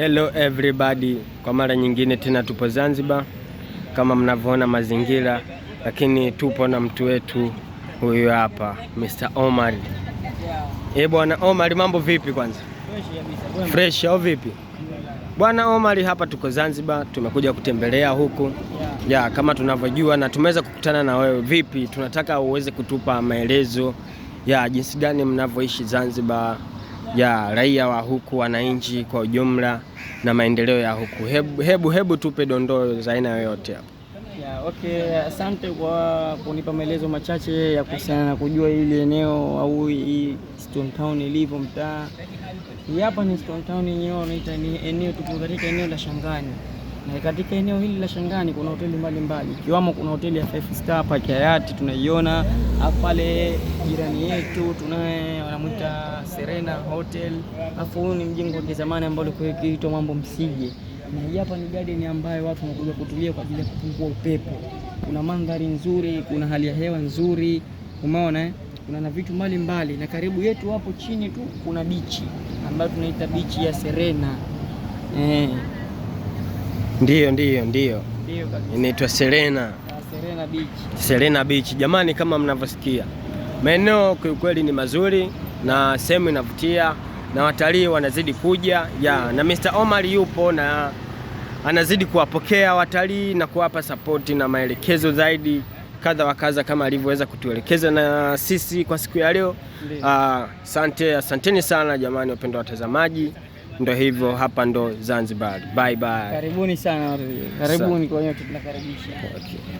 Hello everybody, kwa mara nyingine tena tupo Zanzibar kama mnavyoona mazingira, lakini tupo na mtu wetu huyu hapa Mr. Omar. Eh, bwana Omar, mambo vipi? Kwanza fresh au vipi bwana Omar? Hapa tuko Zanzibar, tumekuja kutembelea huku ya kama tunavyojua na tumeweza kukutana na wewe. Vipi, tunataka uweze kutupa maelezo ya jinsi gani mnavyoishi Zanzibar, ya raia wa huku, wananchi kwa ujumla na maendeleo ya huku. Hebu, hebu, hebu tupe dondoo za aina yoyote hapo. Yeah, okay, asante kwa kunipa maelezo machache ya kuhusiana na kujua hili eneo au hii Stone Town ilivyo mtaa. Hii hapa ni Stone Town yenyewe wanaita ni eneo, tuko katika eneo la Shangani na katika eneo hili la Shangani kuna hoteli mbalimbali ikiwamo kuna hoteli ya five star pa Hayati tunaiona pale jirani yetu, tunaye wanamwita Serena Hotel. Alafu huu ni mjengo wa zamani ambao ulikuwa ukiitwa Mambo Msije, na hii hapa ni garden ambayo watu wanakuja kutulia kwa ajili ya kupungua upepo. Kuna mandhari nzuri, kuna hali ya hewa nzuri, umeona eh? Kuna na vitu mbalimbali, na karibu yetu hapo chini tu kuna bichi ambayo tunaita bichi ya Serena eh. Ndiyo, ndiyo, ndiyo, ndiyo kabisa. Inaitwa Serena. Ah, Serena Beach. Serena Beach. Jamani, kama mnavyosikia maeneo kiukweli ni mazuri na sehemu inavutia na watalii wanazidi kuja ya, na Mr. Omar yupo na anazidi kuwapokea watalii na kuwapa sapoti na maelekezo zaidi kadha wa kadha kama alivyoweza kutuelekeza na sisi kwa siku ya leo. Ah, asante, asanteni sana jamani, wapendwa watazamaji. Ndo hivyo hapa, ndo Zanzibar. Bye bye, karibuni sana, karibuni. Kwa hiyo tunakaribisha. Okay.